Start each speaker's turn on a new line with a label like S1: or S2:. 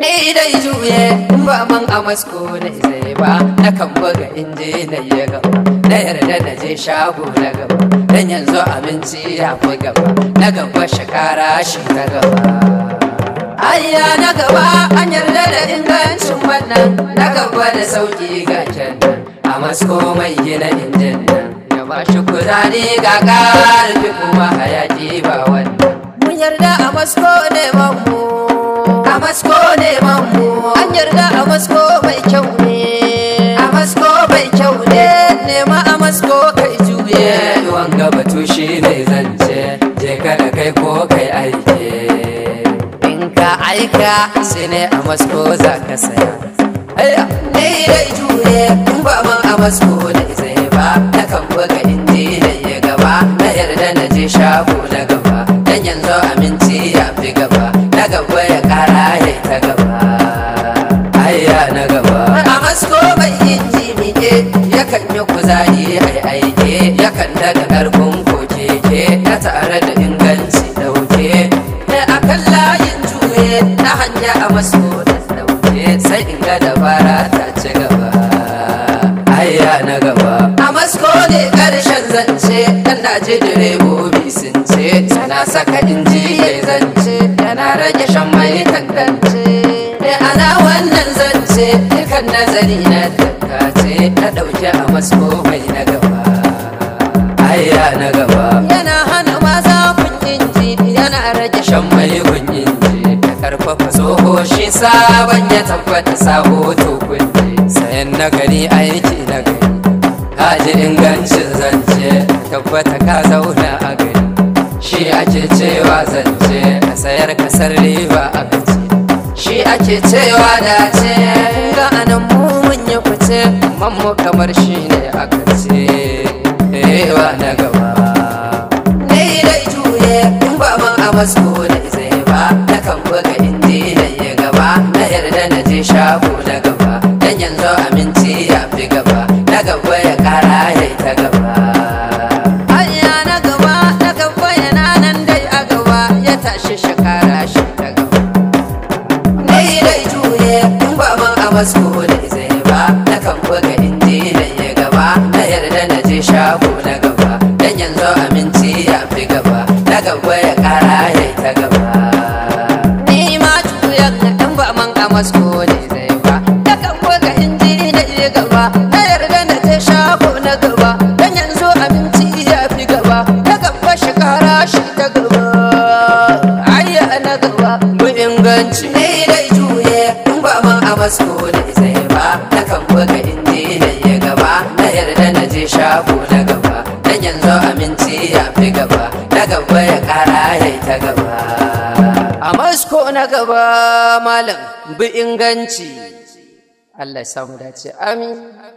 S1: ni dai juye in ba man a masko na zai ba na kan buga inje na ya gaba na yarda na je shago na gaba dan yanzu abinci ya fi gaba na gaba shekara shi ta gaba Ayya na gaba an yarda da ingancin wannan na gaba da sauki ga can a masko mai gina injin nan ya ba shi kuzari ga ƙarfi kuma hayaki ba wannan mun yarda a masko neman mu ko kai aike in ka aika sai ne a masko za ka saya aya ne dai jure in ba man a masko da zai ba na kan buga inji da ya gaba na yarda na je shago na gaba dan yanzu aminci ya fi gaba na gaba ya kara ya ta gaba aya na gaba a masko mai inji mike yakan yi kuzari ai aike yakan daga karko yin juye na hanya a maso da sauke sai in ga dabara ta ci gaba ayya na gaba a masko ne karshen zance dan na je direbobi sun ce sana saka inji ya zance yana rage shan mai tantance da ana wannan zance dukan nazari na takace na ɗauki a masko mai na gaba ayya na gaba yana hana maza kun inji yana rage shan mai sabo shi sabon ya tabbata sabo to kulle sayan nagari aiki na gari haji ingancin zance tabbata ka zauna a gari shi ake cewa zance a sayar kasar riba a gaci shi ake cewa dace ga anan mu mun yi fice mammu kamar shi ne a gaci ewa eh, na gaba ne dai juye in ba mun a masu ne zai ba na kan buga inda na yarda na je shago na gaba dan yanzu aminci ya fi gaba na gaba ya kara ya ta gaba hanya na gaba na gaba ya nanan dai a gaba ya tashi shi kara shi ta gaba dai dai juye kun ba man a masu da zai ba na kan buga in kara shi ta gaba ayya na gaba mu inganci dai dai juye in ba man a masko da zai ba na kan buga inji ya gaba na yarda na je shago na gaba yanzu aminci ya fi gaba na gaba ya kara ya ta gaba a masko na gaba malam bi inganci Allah ya samu dace amin